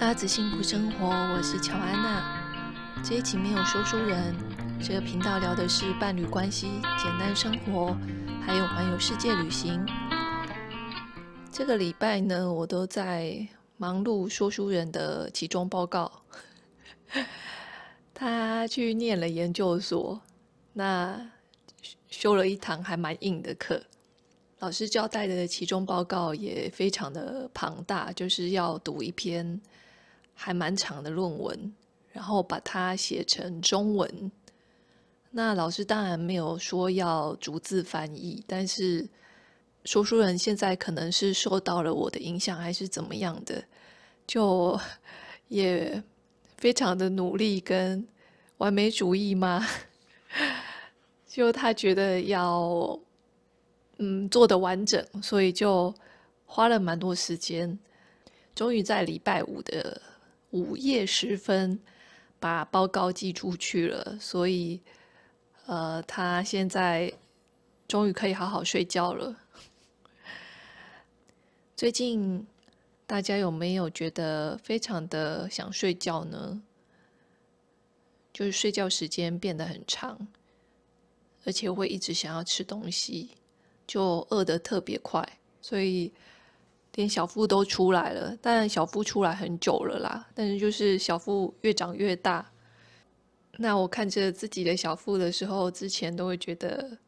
大家子幸福生活，我是喬安娜。這一期沒有說書人，這個頻道聊的是伴侶關係、簡單生活，還有環遊世界旅行。這個禮拜呢，我都在忙碌說書人的期中報告。 他去念了研究所，那修了一堂還蠻硬的課，老師交代的期中報告也非常的龐大，就是要讀一篇。還蠻長的論文，然後把它寫成中文。那老師當然沒有說要逐字翻譯，但是說書人現在可能是受到了我的影響，還是怎麼樣的，就也非常的努力跟完美主義嘛，就他覺得要嗯做的完整，所以就花了蠻多時間，終於在禮拜五的。午夜時分，把報告寄出去了，所以，呃，他現在終於可以好好睡覺了。最近大家有沒有覺得非常的想睡覺呢？就是睡覺時間變得很長，而且會一直想要吃東西，就餓得特別快，所以，連小腹都出來了，當然小腹出來很久了啦，但是就是小腹越長越大。那我看着自己的小腹的時候，之前都會覺得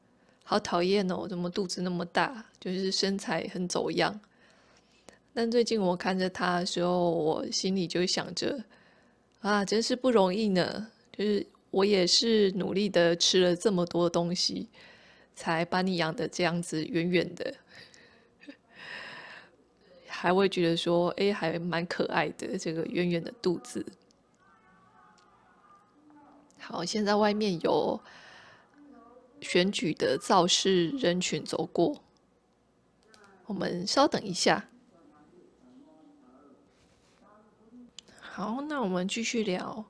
好討厭哦，我怎麼肚子那麼大，就是身材很走樣。但最近我看着他的時候，我心裡就想着，啊，真是不容易呢，就是我也是努力的吃了這麼多東西，才把你養的這樣子圓圓的。還會覺得說，誒，還蠻可愛的，這個圓圓的肚子。好，現在外面有選舉的造勢人群走過，我們稍等一下。好，那我們繼續聊。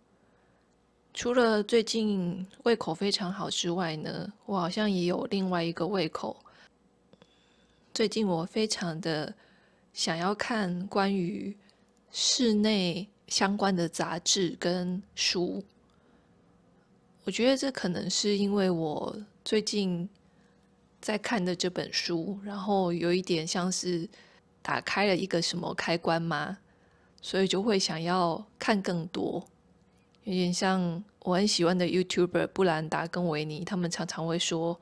除了最近胃口非常好之外呢，我好像也有另外一個胃口。最近我非常的想要看關於室內相關的雜誌跟書，我覺得這可能是因為我最近在看的這本書，然後有一點像是打開了一個什麼開關嘛，所以就會想要看更多，有點像我很喜歡的 YouTuber 布蘭達跟維尼，他們常常會說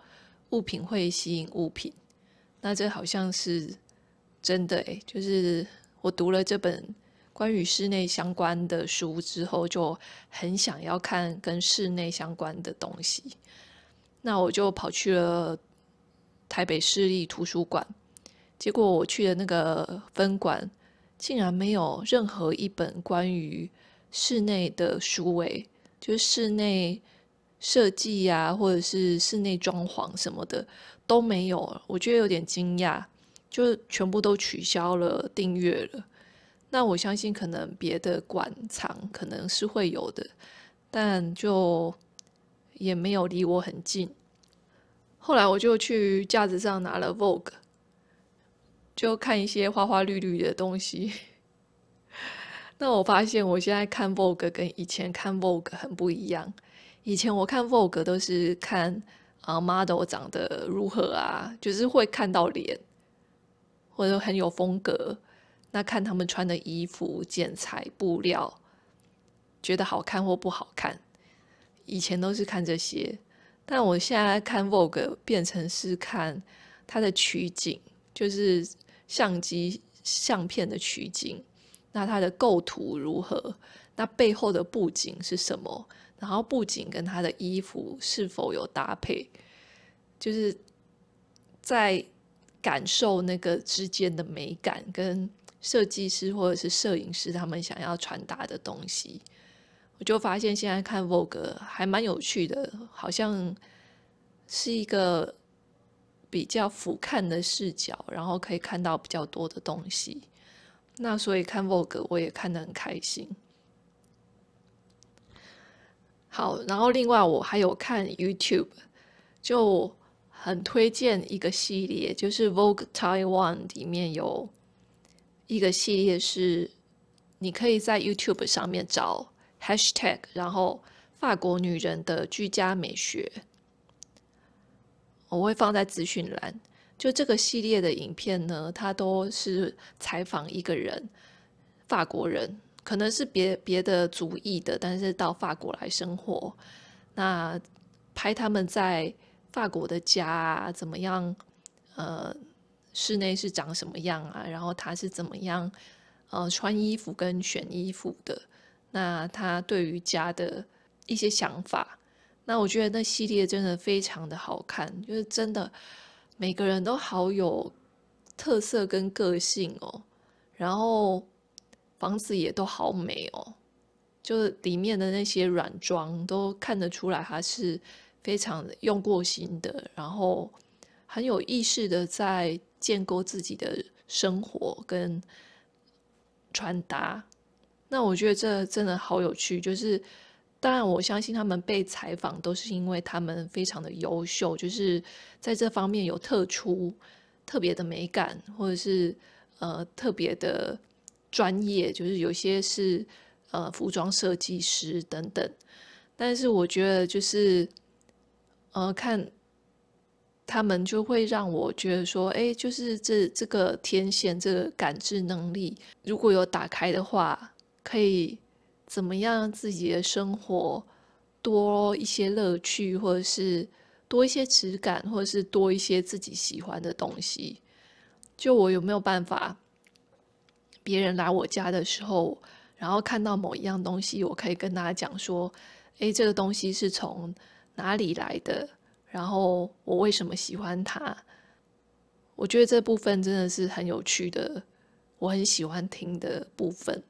物品會吸引物品，那這好像是。真的欸，就是我讀了這本關於室內相關的書之後，就很想要看跟室內相關的東西。那我就跑去了台北市立圖書館，結果我去的那個分館竟然沒有任何一本關於室內的書欸，就是室內設計呀，或者是室內裝潢什麼的都沒有，我覺得有點驚訝。就全部都取消了訂閱了，那我相信可能別的館藏可能是會有的，但就也沒有離我很近。後來我就去架子上拿了《Vogue》，就看一些花花綠綠的東西。 那我發現我現在看《Vogue》跟以前看《Vogue》很不一樣。以前我看《Vogue》都是看啊，model 長得如何啊，就是會看到臉。我都很有風格，那看他們穿的衣服、剪裁、布料，覺得好看或不好看。以前都是看這些，但我現在看 Vogue 變成是看它的取景，就是相機相片的取景。那它的構圖如何？那背後的布景是什麼？然後布景跟它的衣服是否有搭配？就是在。感受那個之間的美感，跟設計師或者是攝影師他們想要傳達的東西，我就發現現在看 Vogue 還蠻有趣的，好像是一個比較俯瞰的視角，然後可以看到比較多的東西。那所以看 Vogue 我也看得很開心。好，然後另外我還有看 YouTube，就。很推薦一個系列，就是《Vogue Taiwan》裡面有一個系列，是你可以在 YouTube 上面找 #，hashtag，然後法國女人的居家美學，我會放在資訊欄。就這個系列的影片呢，它都是採訪一個人，法國人，可能是別別的族裔的，但是到法國來生活，那拍他們在。法國的家啊，怎麼樣？呃，室內是長什麼樣啊？然後他是怎麼樣？呃，穿衣服跟選衣服的，那他對於家的一些想法，那我覺得那系列真的非常的好看，就是真的每個人都好有特色跟個性哦，然後房子也都好美哦，就是裡面的那些軟裝都看得出來它是。非常用過心的，然後很有意識的在建構自己的生活跟穿搭。那我覺得這真的好有趣。就是當然，我相信他們被採訪都是因為他們非常的優秀，就是在這方面有特殊、特別的美感，或者是呃特別的專業。就是有些是呃服裝設計師等等。但是我覺得就是。呃，看他們就會讓我覺得說，誒、欸，就是這這個天線，這個感知能力，如果有打開的話，可以怎麼樣讓自己的生活多一些樂趣，或者是多一些質感，或者是多一些自己喜歡的東西？就我有沒有辦法？別人來我家的時候，然後看到某一樣東西，我可以跟大家講說，誒、欸，這個東西是從。哪裡來的？然後我為什麼喜歡他？我覺得這部分真的是很有趣的，我很喜歡聽的部分，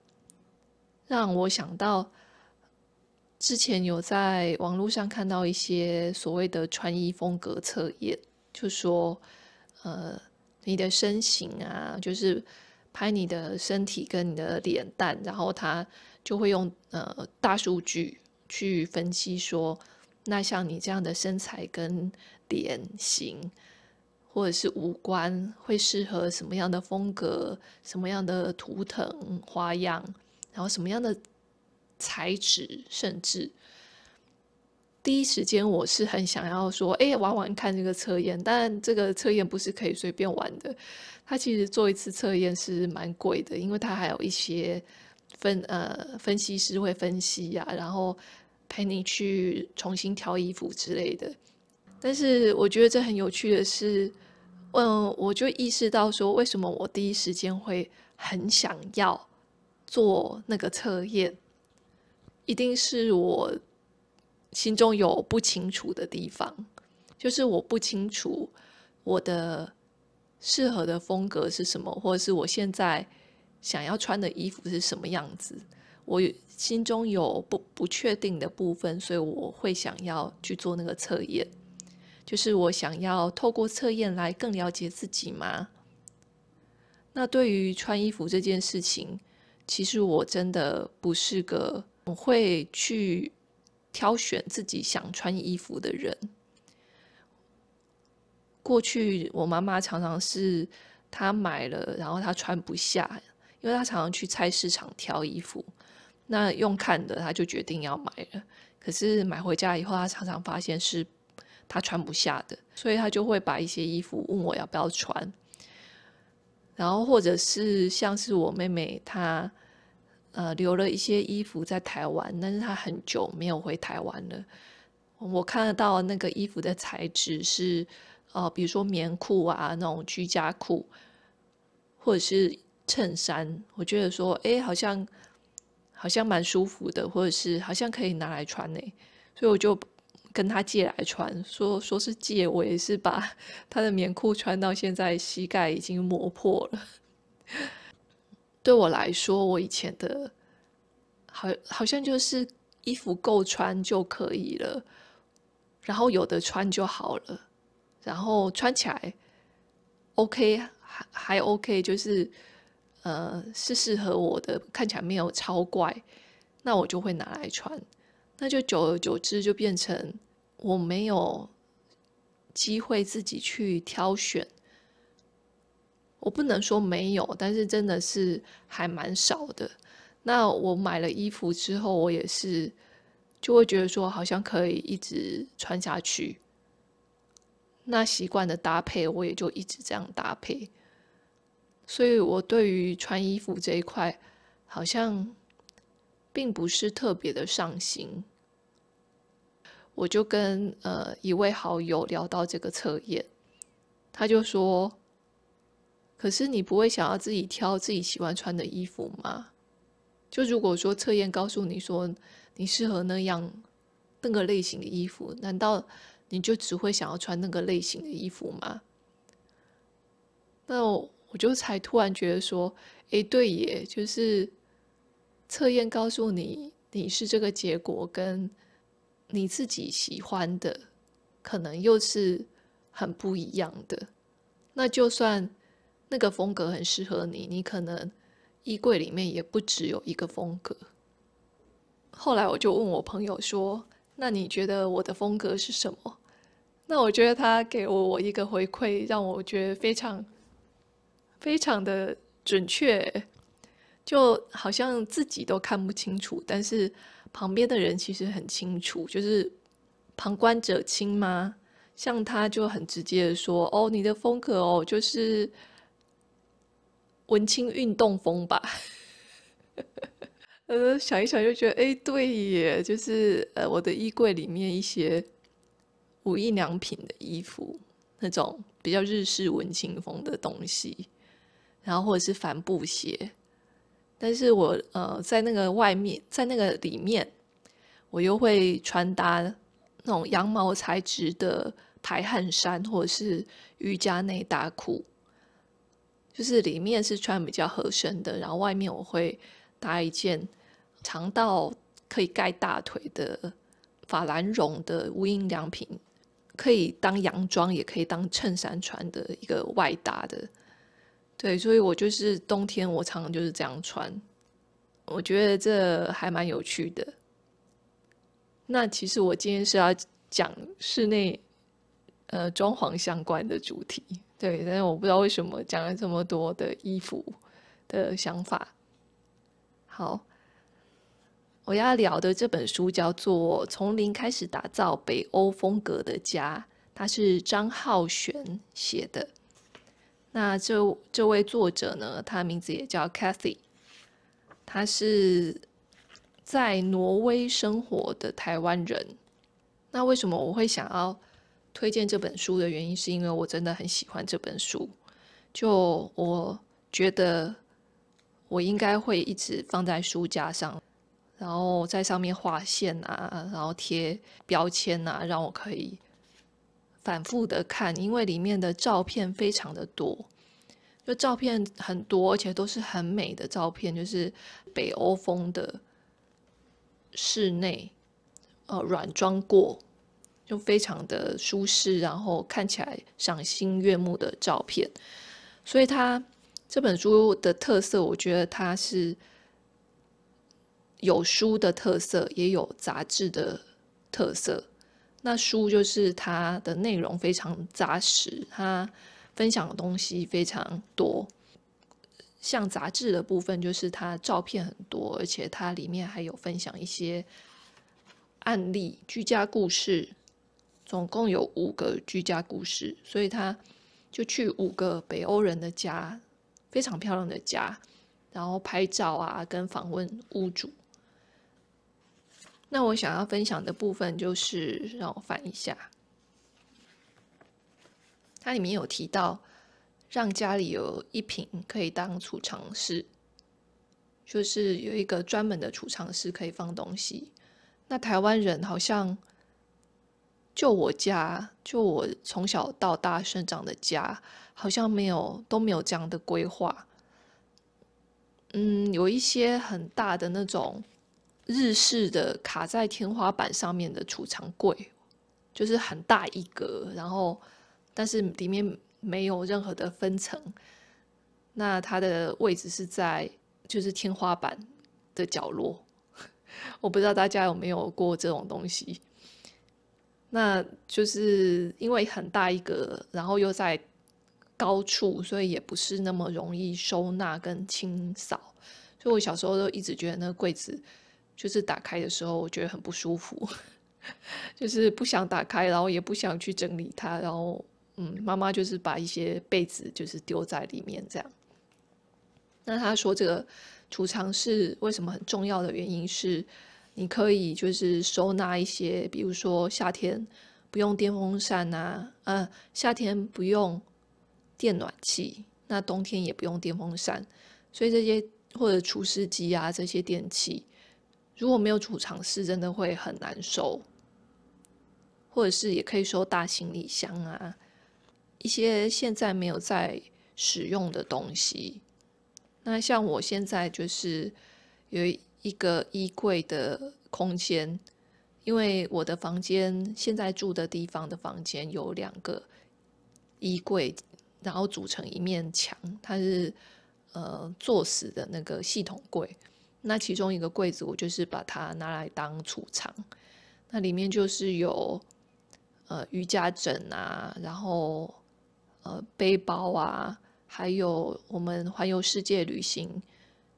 讓我想到之前有在網絡上看到一些所謂的穿衣風格測驗，就說，呃，你的身形啊，就是拍你的身體跟你的臉蛋，然後他就會用，呃，大數據去分析說。那像你這樣的身材跟臉型，或者是五官，會適合什麼樣的風格、什麼樣的圖騰花樣，然後什麼樣的材質，甚至第一時間我是很想要說，哎，玩玩看這個測驗。但這個測驗不是可以隨便玩的，他其實做一次測驗是蠻貴的，因為他還有一些分呃分析師會分析呀、啊，然後。陪你去重新挑衣服之類的，但是我覺得這很有趣的是，嗯，我就意識到說，為什麼我第一時間會很想要做那個測驗，一定是我心中有不清楚的地方，就是我不清楚我的適合的風格是什麼，或者是我現在想要穿的衣服是什麼樣子。我心中有不不確定的部分，所以我會想要去做那個測驗，就是我想要透過測驗來更了解自己嘛？那對於穿衣服這件事情，其實我真的不是個會去挑選自己想穿衣服的人。過去我媽媽常常是她買了，然後她穿不下，因為她常常去菜市場挑衣服。那用看的，他就決定要買了。可是買回家以後，他常常發現是他穿不下的，所以他就會把一些衣服問我要不要穿。然後或者是像是我妹妹她，她呃留了一些衣服在台灣，但是她很久沒有回台灣了。我看得到那個衣服的材質是呃，比如說棉褲啊，那種居家褲，或者是襯衫。我覺得說，哎、欸，好像。好像蠻舒服的，或者是好像可以拿來穿耶，所以我就跟他借來穿，說說是借，我也是把他的棉褲穿到現在膝蓋已經磨破了。 對我來說，我以前的好好像就是衣服夠穿就可以了，然後有的穿就好了，然後穿起來 OK 還還 OK，就是。呃，是適合我的，看起來沒有超怪，那我就會拿來穿，那就久而久之就變成我沒有機會自己去挑選，我不能說沒有，但是真的是還蠻少的。那我買了衣服之後，我也是就會覺得說好像可以一直穿下去，那習慣的搭配，我也就一直這樣搭配。所以，我對於穿衣服這一塊，好像並不是特別的上心。我就跟呃一位好友聊到這個測驗，他就說：“可是你不會想要自己挑自己喜歡穿的衣服嗎？就如果說測驗告訴你說你適合那樣那個類型的衣服，難道你就只會想要穿那個類型的衣服嗎？那我？”我就才突然覺得說，哎，對耶，也就是測驗告訴你你是這個結果，跟你自己喜歡的可能又是很不一樣的。那就算那個風格很適合你，你可能衣櫃裡面也不只有一個風格。後來我就問我朋友說：“那你覺得我的風格是什麼？”那我覺得他給我我一個回饋，讓我覺得非常。非常的準確，就好像自己都看不清楚，但是旁邊的人其實很清楚，就是旁觀者清嘛。像他就很直接的說：“哦，你的風格哦，就是文青運動風吧。”呃，想一想就覺得，哎、欸，對耶，就是呃，我的衣櫃裡面一些無印良品的衣服，那種比較日式文青風的東西。然後或者是帆布鞋，但是我呃在那個外面，在那個裡面，我又會穿搭那種羊毛材質的排汗衫，或者是瑜伽內搭褲，就是裡面是穿比較合身的，然後外面，我會搭一件長到可以蓋大腿的法蘭絨的無印良品，可以當洋裝也可以當襯衫穿的一個外搭的。對，所以我就是冬天，我常常就是這樣穿，我覺得這還蠻有趣的。那其實我今天是要講室內呃裝潢相關的主題，對，但是我不知道為什麼講了這麼多的衣服的想法。好，我要聊的這本書叫做《從零開始打造北歐風格的家》，它是張浩玄寫的。那這這位作者呢，他名字，也叫 Kathy，他是在挪威生活的台灣人。那為什麼我會想要推薦這本書的原因，是因為我真的很喜歡這本書。就我覺得我應該會一直放在書架上，然後在上面畫線啊，然後貼標籤啊，讓我可以反覆的看，因為裡面的照片非常的多，就照片很多，而且都是很美的照片，就是北歐風的室內，呃，軟裝過，就非常的舒適，然後看起來賞心悅目的照片。所以它這本書的特色，我覺得它是有書的特色，也有雜誌的特色。那書就是它的內容非常紮實，它分享的東西非常多。像雜誌的部分，就是它照片很多，而且它裡面還有分享一些案例、居家故事，總共有五個居家故事，所以他就去五個北歐人的家，非常漂亮的家，然後拍照啊，跟訪問屋主。那我想要分享的部分就是，讓我翻一下，它裡面有提到，讓家裡有一瓶可以當儲藏室，就是有一個專門的儲藏室可以放東西。那台灣人好像，就我家，就我從小到大生長的家，好像沒有都沒有這樣的規劃。嗯，有一些很大的那種。日式的卡在天花板上面的儲藏櫃，就是很大一格，然後但是裡面沒有任何的分層。那它的位置是在就是天花板的角落， 我不知道大家有沒有過這種東西。那就是因為很大一格，然後又在高處，所以也不是那麼容易收納跟清掃。所以我小時候都一直覺得那個櫃子，就是打開的時候，我覺得很不舒服， 就是不想打開，然後也不想去整理它，然後，嗯，媽媽就是把一些被子就是丟在裡面這樣。那他說這個儲藏室為什麼很重要的原因是，你可以就是收納一些，比如說夏天不用電風扇啊，嗯、呃，夏天不用電暖氣，那冬天也不用電風扇，所以這些或者除濕機啊這些電器。如果沒有儲藏室，真的會很難受。或者是也可以說大行李箱啊，一些現在沒有在使用的東西。那像我現在就是有一個衣櫃的空間，因為我的房間現在住的地方的房間有兩個衣櫃，然後組成一面牆，它是呃做死的那個系統櫃。那其中一個櫃子，我就是把它拿來當儲藏，那裡面就是有呃瑜伽枕啊，然後呃背包啊，還有我們環遊世界旅行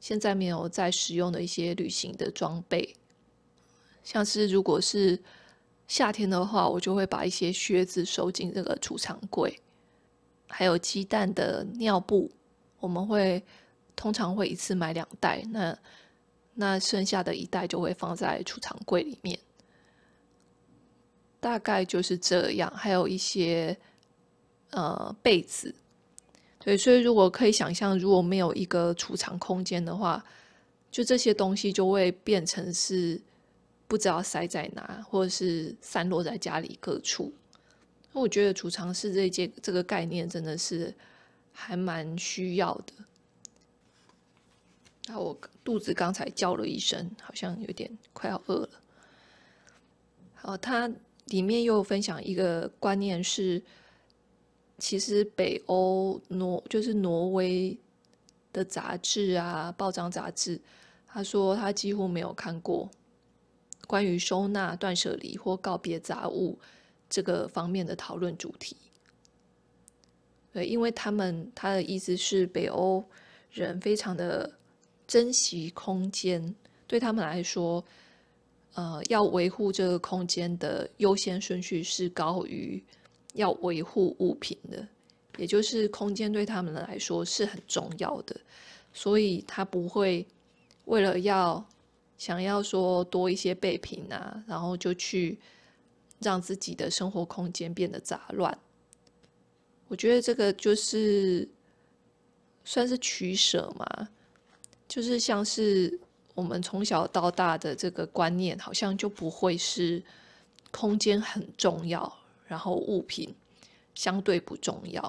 現在沒有在使用的一些旅行的裝備，像是如果是夏天的話，我就會把一些靴子收進這個儲藏櫃，還有雞蛋的尿布，我們會通常會一次買兩袋。那那剩下的一袋就會放在儲藏櫃裡面，大概就是這樣。還有一些，呃，被子，對，所以如果可以想象，如果沒有一個儲藏空間的話，就這些東西就會變成是不知道塞在哪，或者是散落在家裡各處。那我覺得儲藏室這件這個概念真的是還蠻需要的。那我肚子剛才叫了一聲，好像有點快要餓了。好，他裡面又分享一個觀念是，其實北歐挪就是挪威的雜誌啊，報章雜誌，他說他幾乎沒有看過關於收納、斷捨離或告別雜物這個方面的討論主題。對，因為他們他的意思是，北歐人非常的。珍惜空間，對他們來說，呃，要維護這個空間的優先順序是高於要維護物品的，也就是空間對他們來說是很重要的，所以他不會為了要想要說多一些備品啊，然後就去讓自己的生活空間變得雜亂。我覺得這個就是算是取捨嘛。就是像是我們從小到大的這個觀念，好像就不會是空間很重要，然後物品相對不重要。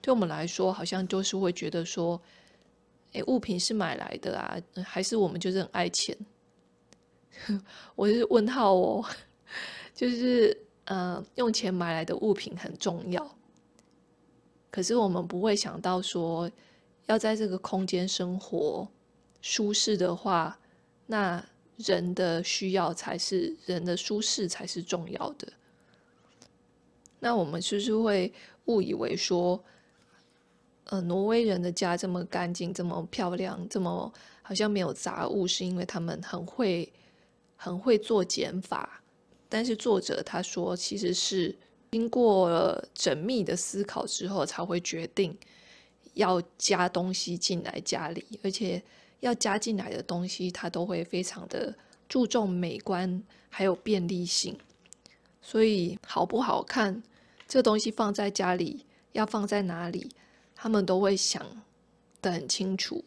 對我們來說，好像就是會覺得說，哎，物品是買來的啊，還是我們就是很愛錢？我就是問號哦，就是嗯、呃，用錢買來的物品很重要，可是我們不會想到說要在這個空間生活。舒適的話，那人的需要才是，人的舒適才是重要的。那我們是不是會誤以為說，呃，挪威人的家這麼乾淨、這麼漂亮、這麼好像沒有雜物，是因為他們很會很會做減法？但是作者他說，其實是經過了縝密的思考之後才會決定要加東西進來家裡，而且。要加進來的東西，他都會非常的注重美觀，還有便利性。所以好不好看，這個東西放在家裡要放在哪裡，他們都會想得很清楚。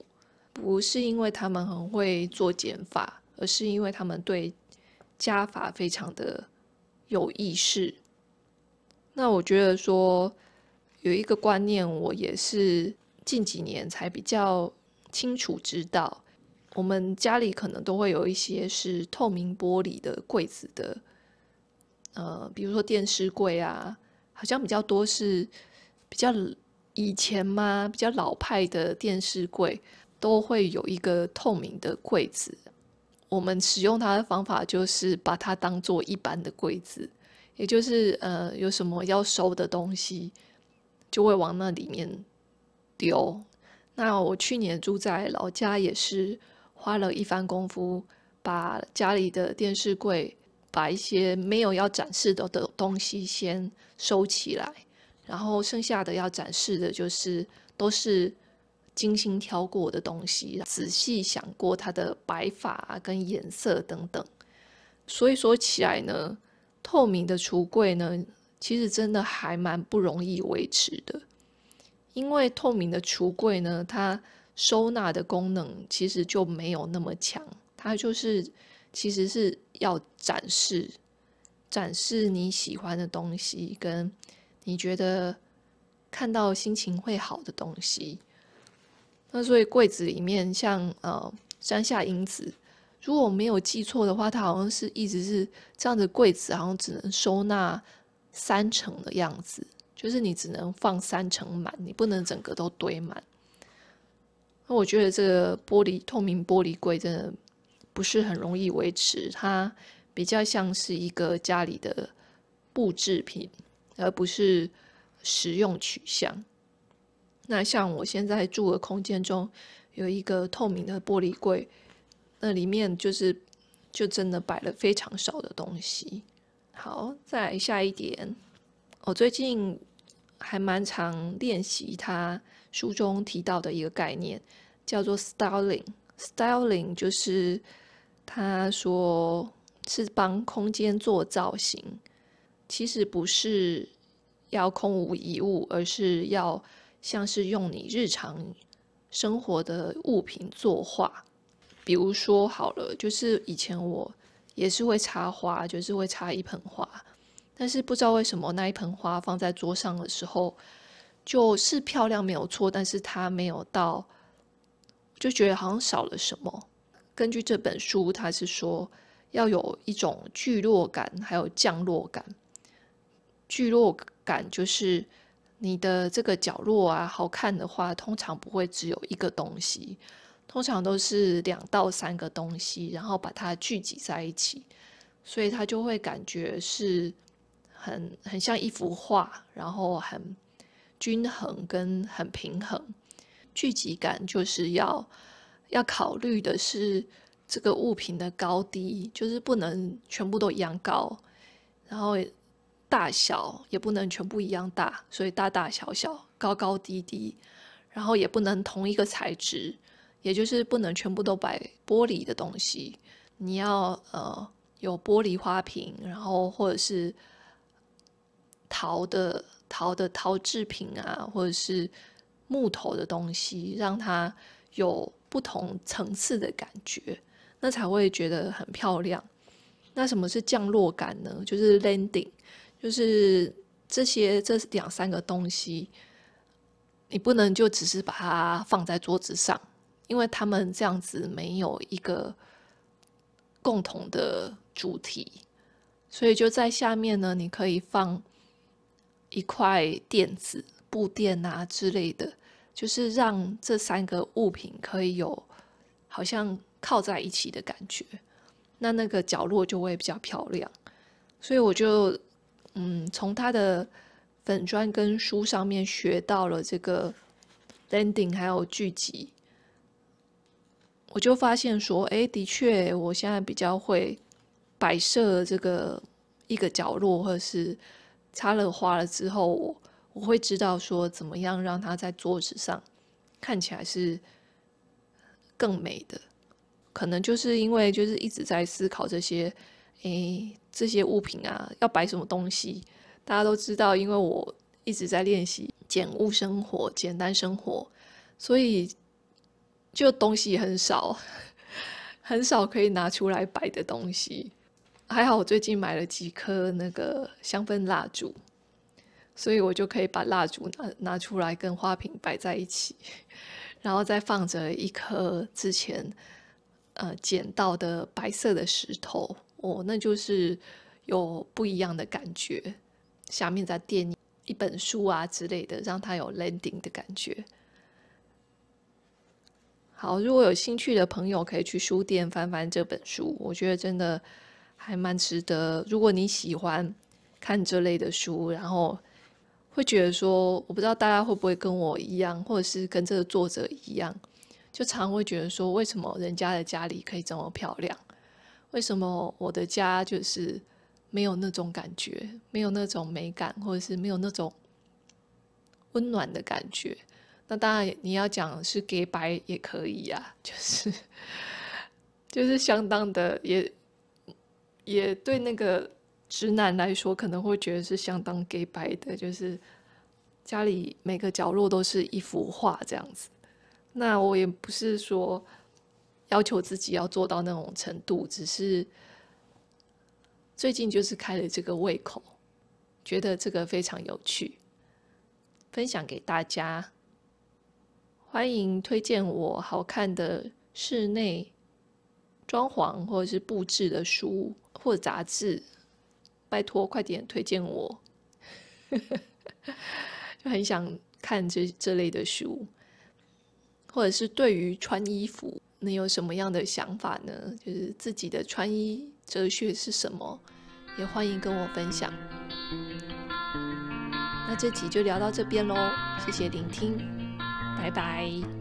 不是因為他們很會做減法，而是因為他們對加法非常的有意識。那我覺得說有一個觀念，我也是近幾年才比較。清楚知道，我們家裡可能都會有一些是透明玻璃的櫃子的，呃，比如說電視櫃啊，好像比較多是比較以前嘛，比較老派的電視櫃都會有一個透明的櫃子。我們使用它的方法就是把它當做一般的櫃子，也就是呃，有什麼要收的東西就會往那裡面丟。那我去年住在老家，也是花了一番功夫，把家裡的電視櫃，把一些沒有要展示的的東西先收起來，然後剩下的要展示的，就是都是精心挑過的東西，仔細想過它的擺法跟顏色等等。所以說起來呢，透明的櫥櫃呢，其實真的還蠻不容易維持的。因為透明的櫥櫃呢，它收納的功能其實就沒有那麼強，它就是其實是要展示，展示你喜歡的東西跟你覺得看到心情會好的東西。那所以櫃子裡面像，像呃山下英子，如果我沒有記錯的話，它好像是一直是這樣的櫃子，好像只能收納三成的樣子。就是你只能放三成滿，你不能整個都堆滿。那我覺得這個玻璃透明玻璃櫃真的不是很容易維持，它比較像是一個家裡的布置品，而不是實用取向。那像我現在住的空間中有一個透明的玻璃櫃，那裡面就是就真的擺了非常少的東西。好，再來下一點，我、哦、最近，還蠻常練習他書中提到的一個概念，叫做 styling。styling 就是他說是幫空間做造型，其實不是要空無一物，而是要像是用你日常生活的物品作畫。比如說好了，就是以前我也是會插花，就是會插一盆花。但是不知道為什麼那一盆花放在桌上的時候，就是漂亮沒有錯，但是它沒有到，就覺得好像少了什麼。根據這本書，它是說要有一種聚落感，還有降落感。聚落感就是你的這個角落啊，好看的話通常不會只有一個東西，通常都是兩到三個東西，然後把它聚集在一起，所以它就會感覺是。很很像一幅畫，然後很均衡跟很平衡。聚集感就是要要考慮的是這個物品的高低，就是不能全部都一樣高，然後大小也不能全部一樣大，所以大大小小、高高低低，然後也不能同一個材質，也就是不能全部都擺玻璃的東西，你要呃有玻璃花瓶，然後或者是。陶的陶的陶製品啊，或者是木頭的東西，讓它有不同層次的感覺，那才會覺得很漂亮。那什麼是降落感呢？就是 landing，就是這些這兩三個東西，你不能就只是把它放在桌子上，因為他們這樣子沒有一個共同的主題，所以就在下面呢，你可以放。一塊墊子、布墊啊之類的，就是讓這三個物品可以有好像靠在一起的感覺，那那個角落就會比較漂亮。所以我就嗯，從他的粉專跟書上面學到了這個 landing 還有聚集，我就發現說，哎，的確，我現在比較會擺設這個一個角落或者是。插了花了之後，我我會知道說怎麼樣讓它在桌子上看起來是更美的。可能就是因為就是一直在思考這些，哎、欸，這些物品啊，要擺什麼東西。大家都知道，因為我一直在練習簡物生活、簡單生活，所以就東西很少，很少可以拿出來擺的東西。還好我最近買了幾顆那個香氛蠟燭，所以我就可以把蠟燭拿拿出來跟花瓶擺在一起，然後再放着一顆之前呃撿到的白色的石頭哦，那就是有不一樣的感覺。下面再墊一本書啊之類的，讓它有 landing 的感覺。好，如果有興趣的朋友可以去書店翻翻這本書，我覺得真的。還蠻值得，如果你喜歡看這類的書，然後會覺得說，我不知道大家會不會跟我一樣，或者是跟這個作者一樣，就常會覺得說，為什麼人家的家裡可以這麼漂亮？為什麼我的家就是沒有那種感覺，沒有那種美感，或者是沒有那種溫暖的感覺？那當然你要講是給白也可以呀、啊，就是就是相當的也。也對那個直男來說，可能會覺得是相當 gay 白的，就是家裡每個角落都是一幅畫這樣子。那我也不是說要求自己要做到那種程度，只是最近就是開了這個胃口，覺得這個非常有趣，分享給大家，歡迎推薦我好看的室內。裝潢或者是布置的書或者雜誌，拜託快點推薦我， 就很想看這這類的書，或者是對於穿衣服你有什麼樣的想法呢？就是自己的穿衣哲學是什麼？也歡迎跟我分享。那這集就聊到這邊嘍，謝謝聆聽，拜拜。